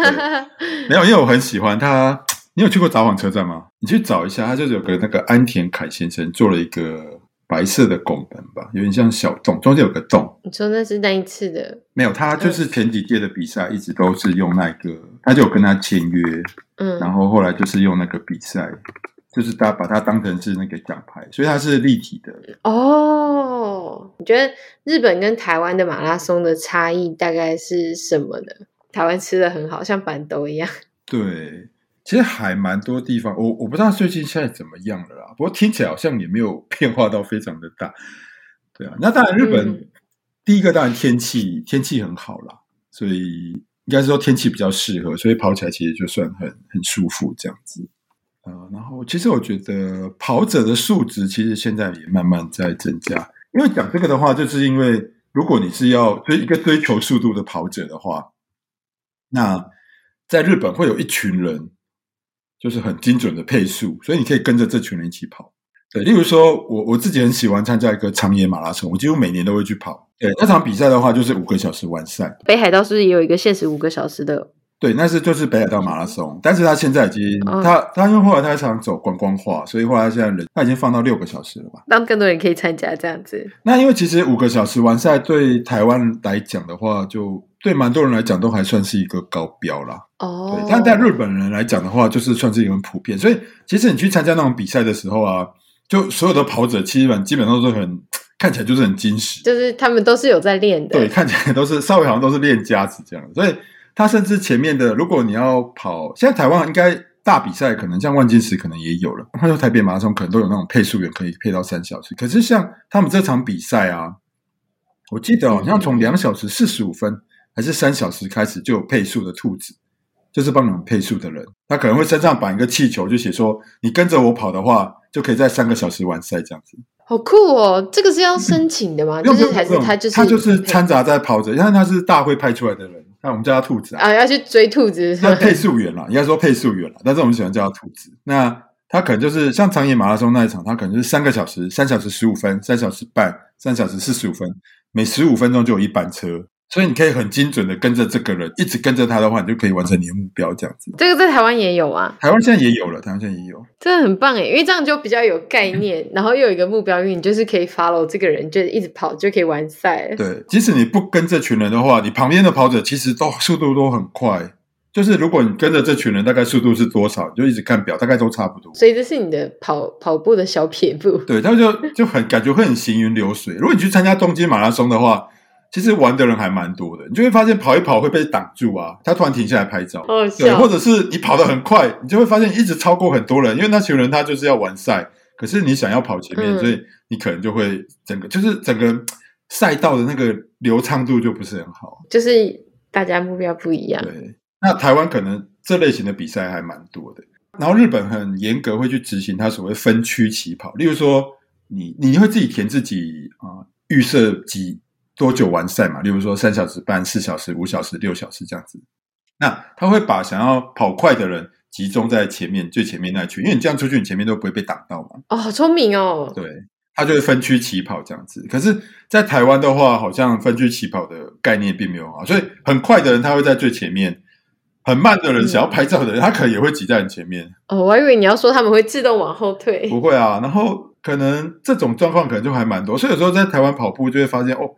沒有，因為我很喜歡他。你有去過札幌車站嗎？你去找一下，他就是有個那個安田凱先生做了一個白色的拱門吧，有點像小洞，中間有個洞。你說那是那一次的？沒有，他就是前幾屆的比賽一直都是用那個，他就有跟他簽約，嗯，然後後來就是用那個比賽。就是大家把它當成是那個獎牌，所以它是立體的。哦，你覺得日本跟台灣的馬拉松的差異大概是什麼呢？台灣吃的很好，像板豆一樣。對，其實還蠻多地方，我我不知道最近現在怎麼樣了啦。不過聽起來好像也沒有變化到非常的大。對啊，那當然日本、嗯、第一個當然天氣天氣很好啦，所以應該是說天氣比較適合，所以跑起來其實就算很很舒服這樣子。呃，然後其實我覺得跑者的數值其實現在也慢慢在增加，因為講這個的話，就是因為如果你是要追一個追求速度的跑者的話，那在日本會有一群人，就是很精準的配速，所以你可以跟着這群人一起跑。對，例如說我我自己很喜歡參加一個長野馬拉松，我幾乎每年都會去跑。對，那場比賽的話就是五個小時完賽。北海道是不是也有一個限時五個小時的？對，那是就是北海道馬拉松，但是他現在已經、oh. 他他因為後來他想走觀光化，所以後來他現在人他已經放到六個小時了吧，讓更多人可以參加這樣子。那因為其實五個小時完賽對台灣來講的話，就對蠻多人來講都還算是一個高標啦。哦、oh.，但在日本人來講的話，就是算是一個很普遍。所以其實你去參加那種比賽的時候啊，就所有的跑者其實很基本上都很看起來就是很精實，就是他們都是有在練的，對，看起來都是稍微好像都是練家子這樣，所以。他甚至前面的，如果你要跑，現在台灣應該大比賽可能像萬金石可能也有了，他說台北馬拉松可能都有那種配速員，可以配到三小時。可是像他們這場比賽啊，我記得哦，好像從兩小時四十五分還是三小時開始就有配速的兔子，就是幫你們配速的人，他可能會身上綁一個氣球就，就寫說，你跟着我跑的話，就可以在三個小時完賽這樣子。好酷哦！這個是要申請的嗎？ 就是還是他就是他就是摻雜在跑者，因為他是大會派出來的人。那、啊、我們叫他兔子啊，啊要去追兔子。那配速員啦，應該說配速員啦，但是我們喜歡叫他兔子。那他可能就是像長野馬拉松那一場，他可能就是三個小時、三小時十五分、三小時半、三小時四十五分，每十五分鐘就有一班車。所以你可以很精準的跟着這個人，一直跟着他的話，你就可以完成你的目標，這樣子。這個在台灣也有啊，台灣現在也有了，台灣現在也有，真的很棒哎！因為這樣就比較有概念， 然後又有一個目標，因為你就是可以 follow 這個人，就一直跑就可以完賽。對，即使你不跟這群人的話，你旁邊的跑者其實都、哦、速度都很快，就是如果你跟着這群人，大概速度是多少，你就一直看表，大概都差不多。所以這是你的跑跑步的小撇步。對，他就就很 感覺會很行雲流水。如果你去參加東京馬拉松的話，其實玩的人還蠻多的，你就會發現跑一跑會被擋住啊，他突然停下來拍照，哦、對，或者是你跑得很快，你就會發現一直超過很多人，因為那群人他就是要完賽，可是你想要跑前面，嗯、所以你可能就會整個就是整個賽道的那個流暢度就不是很好，就是大家目標不一樣。對，那台灣可能這類型的比賽還蠻多的，然後日本很嚴格會去執行他所謂分區起跑，例如說你你會自己填自己啊預設幾。多久完賽嘛？例如說三小時半、四小時、五小時、六小時這樣子。那他會把想要跑快的人集中在前面最前面那一群，因為你這樣出去，你前面都不會被擋到嘛。哦，好聰明哦！對，他就會分區起跑這樣子。可是，在台灣的話，好像分區起跑的概念並沒有啊，所以很快的人他會在最前面，很慢的人想要拍照的人，他可能也會擠在你前面。哦，我還以為你要說他們會自動往後退。不會啊，然後可能這種狀況可能就還蠻多，所以有時候在台灣跑步就會發現哦。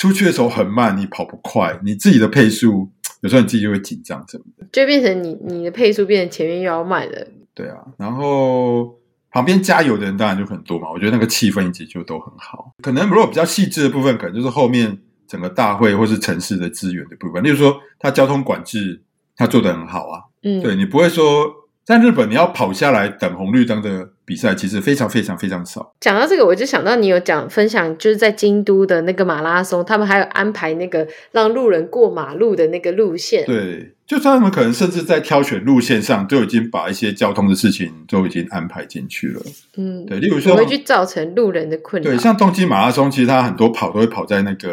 出去的時候很慢，你跑不快，你自己的配速有時候你自己就會緊張什麼的，就變成你你的配速變成前面又要慢的。對啊，然後旁邊加油的人當然就很多嘛，我覺得那個氣氛一直就都很好。可能如果比較細緻的部分，可能就是後面整個大會或是城市的資源的部分，例如說他交通管制他做的很好啊，嗯，對你不會說。在日本，你要跑下來等紅綠燈的比賽，其實非常非常非常少。講到這個，我就想到你有講分享，就是在京都的那個馬拉松，他們還有安排那個讓路人過馬路的那個路線。對，就算他們可能甚至在挑選路線上，就已經把一些交通的事情都已經安排進去了。嗯，對，例如說，不會去造成路人的困擾。對，像東京馬拉松，其實他很多跑都會跑在那個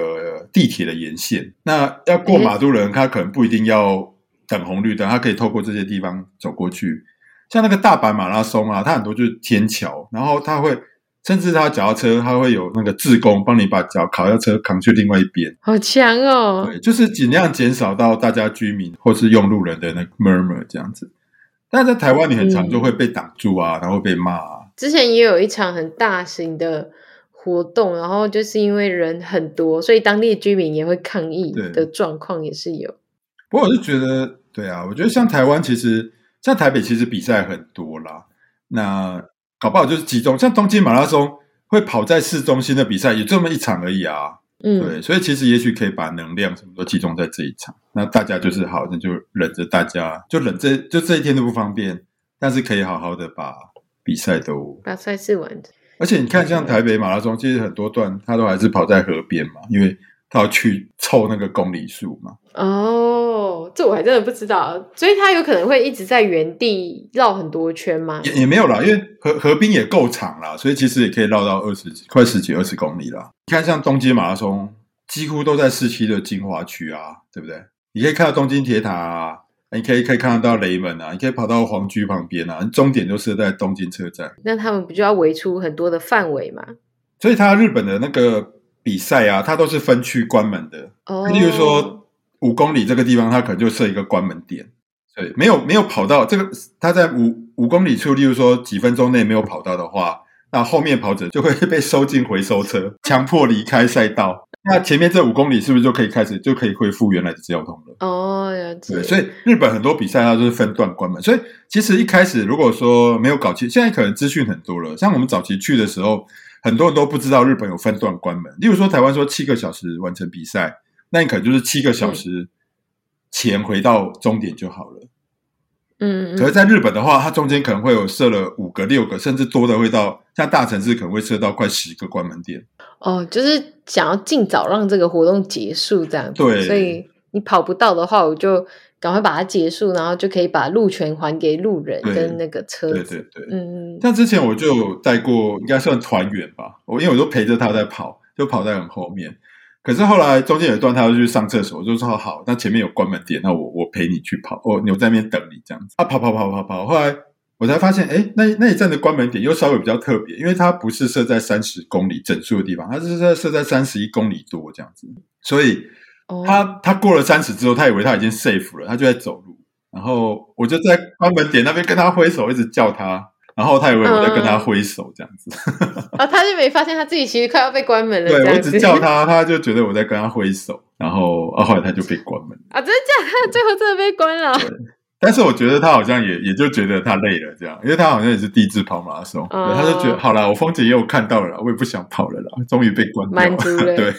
地鐵的沿線。那要過馬路的人，嗯、他可能不一定要等紅綠燈，它可以透過這些地方走過去。像那個大阪馬拉松啊，它很多就是天橋，然後它會甚至它腳踏車，它會有那個志工幫你把腳腳踏車扛去另外一邊。好強哦！對，就是盡量減少到大家居民或是用路人的那個 murmur 這樣子。但在台灣，你很常就會被擋住啊，嗯，然後被罵啊。之前也有一場很大型的活動，然後就是因為人很多，所以當地的居民也會抗議的狀況也是有。不過我就覺得，對啊，我覺得像台灣，其實像台北，其實比賽很多啦。那搞不好就是集中，像東京馬拉松會跑在市中心的比賽，有這麼一場而已啊。嗯，對，所以其實也許可以把能量什麼都集中在這一場。那大家就是好，嗯、那就忍着，大家就忍着，就這一天都不方便，但是可以好好的把比賽都把賽事完成。而且你看，像台北馬拉松，其實很多段它都還是跑在河邊嘛，因為他要去湊那個公里數嘛？哦，這我還真的不知道，所以他有可能會一直在原地繞很多圈嗎？也也沒有啦，因為河河濱也夠長啦，所以其實也可以繞到二十幾快十幾二十公里啦。你看，像東京馬拉松，幾乎都在市區的精華區啊，對不對？你可以看到東京鐵塔啊，你可以可以看得到雷門啊，你可以跑到皇居旁邊啊，終點都是在東京車站。那他們不就要圍出很多的範圍嗎？所以，他日本的那個。比賽啊，它都是分區關門的。哦、oh. 啊。例如說五公里這個地方，它可能就設一個關門點。對，沒有沒有跑到這個，它在五五公里處，例如說幾分鐘內沒有跑到的話，那後面跑者就會被收進回收車，強迫離開賽道。Oh. 那前面這五公里是不是就可以開始就可以恢復原來的交通了？哦呀。對，所以日本很多比賽它都是分段關門。所以其實一開始如果說沒有搞清，現在可能資訊很多了。像我們早期去的時候。很多人都不知道日本有分段關門，例如說台灣說七個小時完成比賽，那你可能就是七個小時前回到終點就好了。嗯，可是在日本的話，它中間可能會有設了五個、六個，甚至多的會到像大城市可能會設到快十個關門點。哦，就是想要盡早讓這個活動結束這樣。對，所以你跑不到的話，我就。趕快把它結束，然後就可以把路權還給路人跟那個車子。對對對，對。嗯，像之前我就有帶過，應該算團員吧。我因為我都陪着他在跑，就跑在很後面。可是後來中間有一段，他要去上廁所，我就說好。那前面有關門點，那我我陪你去跑，哦，你在那邊等你這樣子。啊，跑跑跑跑跑。後來我才發現，哎、欸，那那一站的關門點又稍微比較特別，因為它不是設在三十公里整數的地方，它是設設在三十一公里多這樣子，所以。Oh. 他他過了三十之後，他以為他已經 safe 了，他就在走路，然後我就在關門點那邊跟他揮手，一直叫他，然後他以為我在跟他揮手、嗯、這樣子，啊、 哦，他就沒發現他自己其實快要被關門了。對，我一直叫他，他就覺得我在跟他揮手，然後啊，後來他就被關門了啊，真的假的？最後真的被關了。對但是我覺得他好像也也就覺得他累了這樣，因為他好像也是第一次跑馬拉松，哦、他就覺得好啦，我風景也有看到了啦，我也不想跑了啦，終於被滿足了， 對，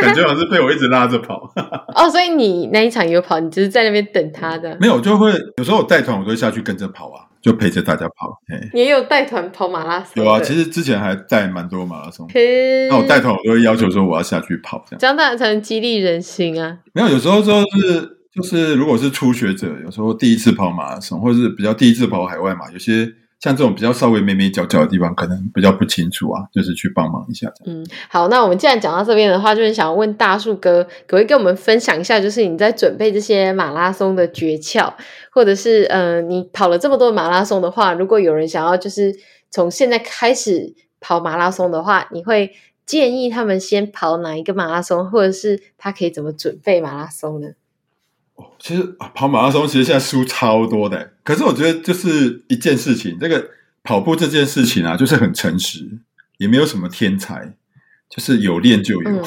感覺好像是被我一直拉着跑。 哦，所以你那一場有跑，你就是在那邊等他的？沒有，就會有時候我帶團，我就會下去跟着跑啊，就陪着大家跑。嘿你也有帶團跑馬拉松？有啊，其實之前還帶蠻多馬拉松。可那我帶團，我就會要求說我要下去跑這樣，這樣大家才能激勵人心啊。沒有，有時候說、就是。就是如果是初學者，有時候第一次跑馬拉鬆，或者是比較第一次跑海外嘛，有些像這種比較稍微眉眉角角的地方，可能比較不清楚啊，就是去幫忙一下。嗯，好，那我們既然講到這邊的話，就是想要問大樹哥，可不可以跟我們分享一下，就是你在準備這些馬拉鬆的訣竅，或者是嗯，呃，你跑了這麼多馬拉鬆的話，如果有人想要就是從現在開始跑馬拉鬆的話，你會建議他們先跑哪一個馬拉鬆，或者是他可以怎麼準備馬拉鬆呢？其實、啊、跑馬拉松其實現在輸超多的。可是我覺得就是一件事情，這個跑步這件事情啊，就是很誠實，也沒有什麼天才，就是有練就有，嗯、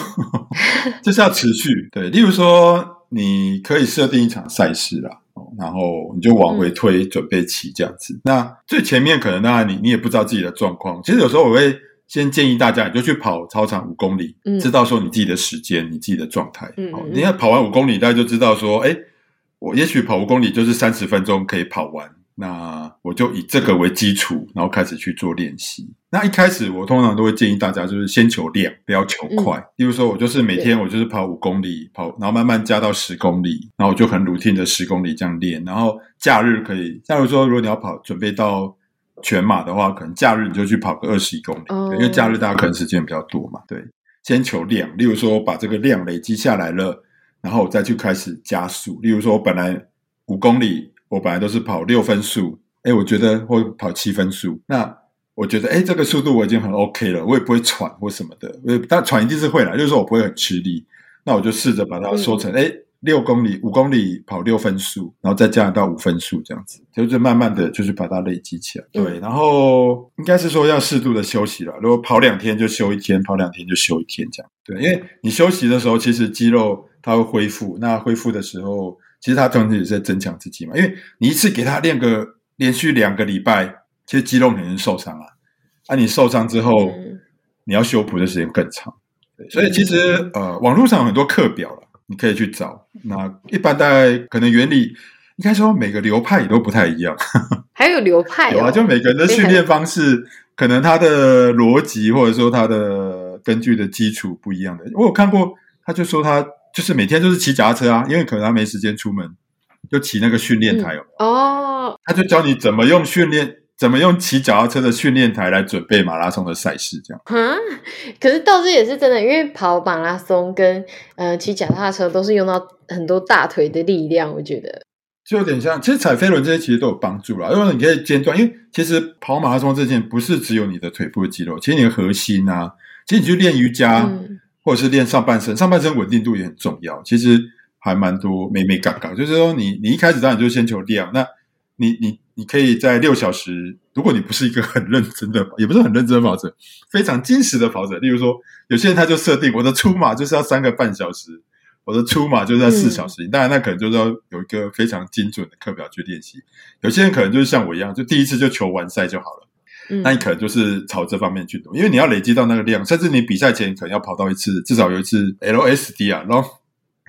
就是要持續。對，例如說，你可以設定一場賽事啦，然後你就往回推準備期這樣子、嗯。那最前面可能當然你你也不知道自己的狀況。其實有時候我會。先建議大家，你就去跑操場五公里，知道說你自己的時間、嗯，你自己的狀態。好、嗯，你、喔、要跑完五公里，大家就知道說，誒、欸、我也許跑五公里就是三十分鐘可以跑完，那我就以這個為基礎、嗯，然後開始去做練習。那一開始我通常都會建議大家，就是先求量，不要求快。嗯、例如說，我就是每天我就是跑五公里，跑，然後慢慢加到十公里，然後我就很 routine 的十公里這樣練。然後假日可以，假如說如果你要跑，準備到。全馬的話，可能假日你就去跑個二十一公里，嗯對，因為假日大家可能時間比較多嘛。對，先求量，例如說我把這個量累積下來了，然後我再去開始加速。例如說，我本來五公里我本來都是跑六分速，哎、欸，我覺得會跑七分速。那我覺得哎、欸，這個速度我已經很 OK 了，我也不會喘或什麼的。我但喘一定是會了，就是說我不會很吃力。那我就試着把它說成哎。嗯六公里、五公里跑六分速，然後再加到五分速這樣子，就是慢慢的就是把它累積起來。對，對，然後應該是說要適度的休息了。如果跑兩天就休一天，跑兩天就休一天這樣。對、嗯，因為你休息的時候，其實肌肉它會恢復。那恢復的時候，其實它整體也是在增強自己嘛。因為你一次給它練個連續兩個禮拜，其實肌肉肯定受傷啊。啊，你受傷之後、嗯，你要修補的時間更長。對，所以其實、嗯、呃，網絡上有很多課表啦。你可以去找那，一般大概可能原理，應該說每個流派也都不太一樣。 還有流派？哦，有啊，就每個人的訓練方式，可能他的邏輯或者說他的根據的基礎不一樣的。我有看過，他就說他就是每天就是騎腳踏車啊，因為可能他沒時間出門，就騎那個訓練台哦、嗯。哦，他就教你怎麼用訓練。嗯怎麼用騎腳踏車的訓練台來準備馬拉松的賽事？這樣哈，可是倒是也是真的，因為跑馬拉松跟呃騎腳踏車都是用到很多大腿的力量。我覺得就有點像，其實踩飛輪這些其實都有幫助啦，因為你可以間斷，因為其實跑馬拉松這件不是只有你的腿部肌肉，其實你的核心啊，其實你去練瑜伽或者是練上半身，上半身穩定度也很重要。其實還蠻多眉眉角角，就是說你你一開始當然就先求量，那，你你你可以在六小時，如果你不是一個很認真的，也不是很認真的跑者，非常精實的跑者，例如說，有些人他就設定我的初馬就是要三個半小時，我的初馬就是要四小時，嗯、當然那可能就是要有一個非常精準的課表去練習。嗯、有些人可能就是像我一樣，就第一次就求完賽就好了、嗯。那你可能就是朝這方面去走，因為你要累積到那個量，甚至你比賽前可能要跑到一次，至少有一次 LSD 啊，long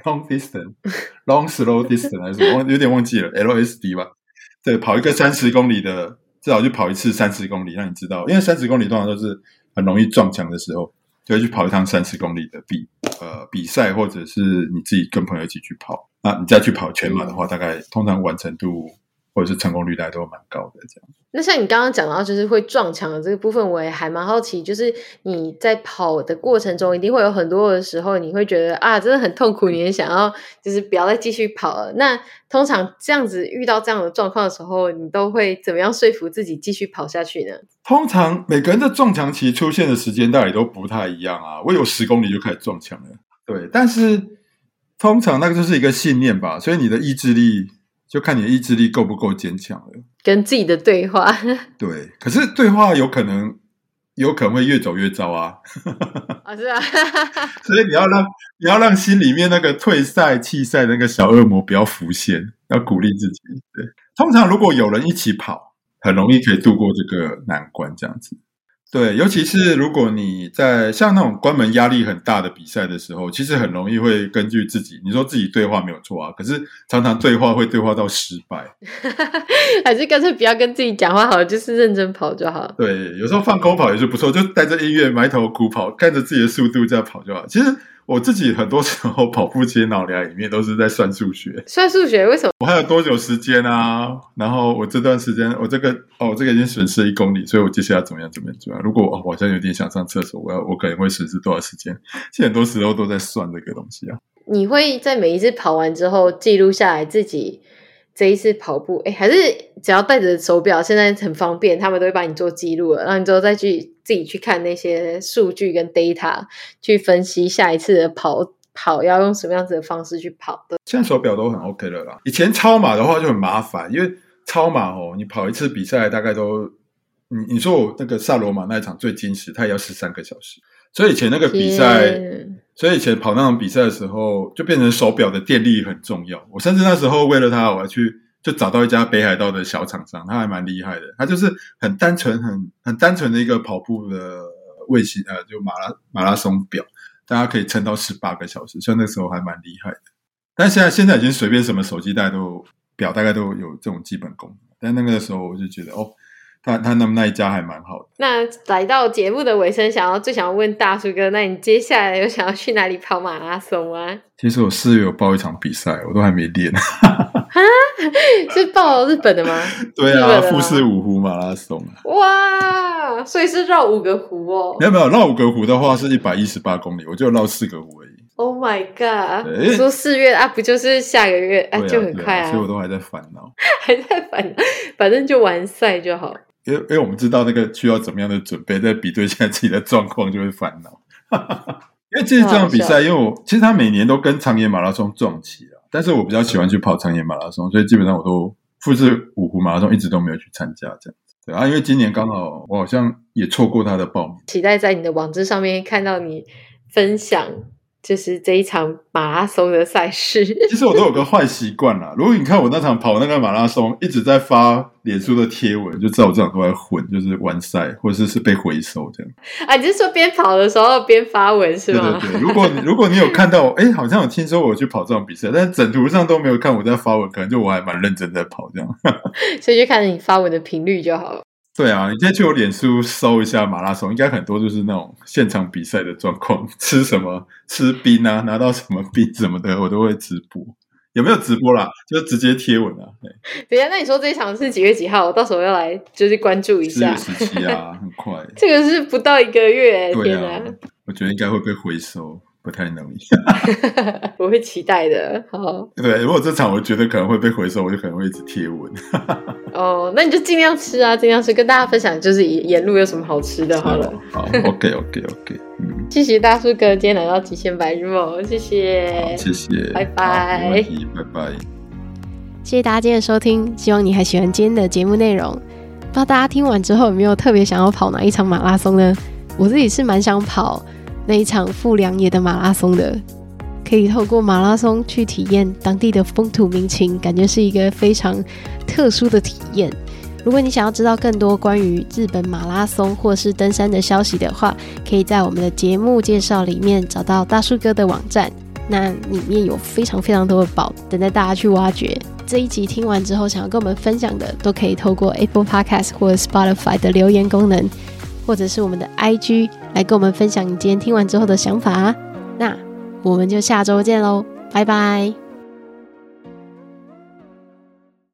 long distance，long slow distance 還是有點忘記了 LSD 吧。對，跑一個三十公里的，至少去跑一次三十公里，讓你知道，因為三十公里通常都是很容易撞牆的時候，就會去跑一趟三十公里的比呃比賽，或者是你自己跟朋友一起去跑。那你再去跑全馬的話，大概通常完成度。或者是成功率大家都蠻高的這樣。那像你剛剛講到，就是會撞牆的這個部分，我也還蠻好奇，就是你在跑的過程中，一定會有很多的時候，你會覺得啊，真的很痛苦，你也想要就是不要再繼續跑了。那通常這樣子遇到這樣的狀況的時候，你都會怎麼樣說服自己繼續跑下去呢？通常每個人的撞牆期出現的時間大概都不太一樣啊，我有十公里就開始撞牆了。對，但是通常那個就是一個信念吧，所以你的意志力。就看你的意志力夠不夠堅強了，跟自己的對話。 對，可是對話有可能有可能會越走越糟啊！ 啊，是啊， 所以你要讓你要讓心裡面那個退賽棄賽那個小惡魔不要浮現，要鼓勵自己。對，通常如果有人一起跑，很容易可以度過這個難關，這樣子。對，尤其是如果你在像那種關門壓力很大的比賽的時候，其實很容易會根據自己，你說自己對話沒有錯啊，可是常常對話會對話到失敗， 還是乾脆不要跟自己講話好了，就是認真跑就好。對，有時候放空跑也是不錯，就帶着音樂埋頭苦跑，看着自己的速度在跑就好。其實。我自己很多時候跑步前腦袋裡面都是在算數學，算數學為什麼？我還有多久時間啊？然後我這段時間我這個哦，我這個已經損失一公里，所以我接下來怎麼樣怎麼樣做啊？如果哦我好像有點想上廁所，我要我可能會損失多少時間？其實很多時候都在算這個東西啊。你會在每一次跑完之後記錄下來自己。這一次跑步，哎，還是只要戴着手錶，現在很方便，他們都會幫你做記錄了，然後你之後再去自己去看那些數據跟 data，去分析下一次的跑跑要用什麼樣子的方式去跑的。現在手錶都很 OK 了啦，以前超馬的話就很麻煩，因為超馬哦，你跑一次比賽大概都，你你說我那個薩羅馬那一場最堅持，它也要十三個小時，所以以前那個比賽。所以，以前跑那種比賽的時候，就變成手表的電力很重要。我甚至那時候為了它，我還去就找到一家北海道的小廠商，他還蠻厲害的。他就是很單純、很很單純的一個跑步的衛星呃，就馬拉馬拉松表，大家可以撐到十八個小時，所以那時候還蠻厲害的。但現在現在已經隨便什麼手機帶都表，大概都有這種基本功。但那個時候我就覺得哦。他他那那一家還蠻好的。那來到節目的尾聲，想要最想要問大樹哥，那你接下來有想要去哪裡跑馬拉松啊？其實我四月有報一場比賽，我都還沒練。啊 是報日本的嗎？ 對啊，富士五湖馬拉松。哇！所以是繞五個湖哦。沒有沒有，繞五個湖的話是一百一十八公里，我就繞四個湖而已。Oh my god！你說四月啊，不就是下個月？啊，啊就很快啊。其實、啊啊、我都還在煩惱， 還在煩惱，反正就完賽就好。因為因為我們知道那個需要怎麼樣的準備，再比對一下自己的狀況就會煩惱。 因為其實這次這場比賽，因為我其實他每年都跟長野馬拉松撞期了，但是我比較喜歡去跑長野馬拉松，所以基本上我都富士五湖馬拉松，一直都沒有去參加這樣子。對啊，因為今年剛好我好像也錯過他的報名，期待在你的網站上面看到你分享。就是這一場馬拉松的賽事。其實我都有個壞習慣啦， 如果你看我那場跑那個馬拉松，一直在發臉書的貼文，就知道我這場都在混，就是完賽或者是是被回收這樣。啊，你就是說邊跑的時候邊發文是嗎？對對對，如果如果你有看到，哎， 好像有聽說我去跑這場比賽，但整圖上都沒有看我在發文，可能就我還蠻認真的在跑這樣。 所以就看你發文的頻率就好了。對啊，你今天去我臉書搜一下馬拉松，應該很多就是那種現場比賽的狀況，吃什麼，吃冰啊，拿到什麼冰什麼的，我都會直播。有沒有直播啦？就直接貼文啊。對啊，那你說這一場是幾月幾號？我到時候要來就是關注一下。四月十七啊，很快。 這個是不到一個月，欸。對啊，天，我覺得應該會被回收。不太容易， 我會期待的。好，對，如果這場我覺得可能會被回收，我就可能會一直貼文。哦 、oh,，那你就儘量吃啊，儘量吃，跟大家分享，就是沿路有什麼好吃的。好了，好、oh, ，OK，OK，OK、okay, okay, okay,。嗯，謝謝大樹哥，今天來到極限白日夢，謝謝，謝謝，拜拜，拜拜。謝謝大家今天的收聽，希望你還喜歡今天的節目內容。不知道大家聽完之後有沒有特別想要跑哪一場馬拉松呢？我自己是蠻想跑。那一場富良野的馬拉松的，可以透過馬拉松去體驗當地的風土民情，感覺是一個非常特殊的體驗。如果你想要知道更多關於日本馬拉松或是登山的消息的話，可以在我們的節目介紹裡面找到大樹哥的網站，那裡面有非常非常多的寶等待大家去挖掘。這一集聽完之後，想要跟我們分享的，都可以透過 Apple Podcast 或 Spotify 的留言功能，或者是我們的 IG 來跟我們分享你今天聽完之後的想法，那我們就下週見嘍，拜拜。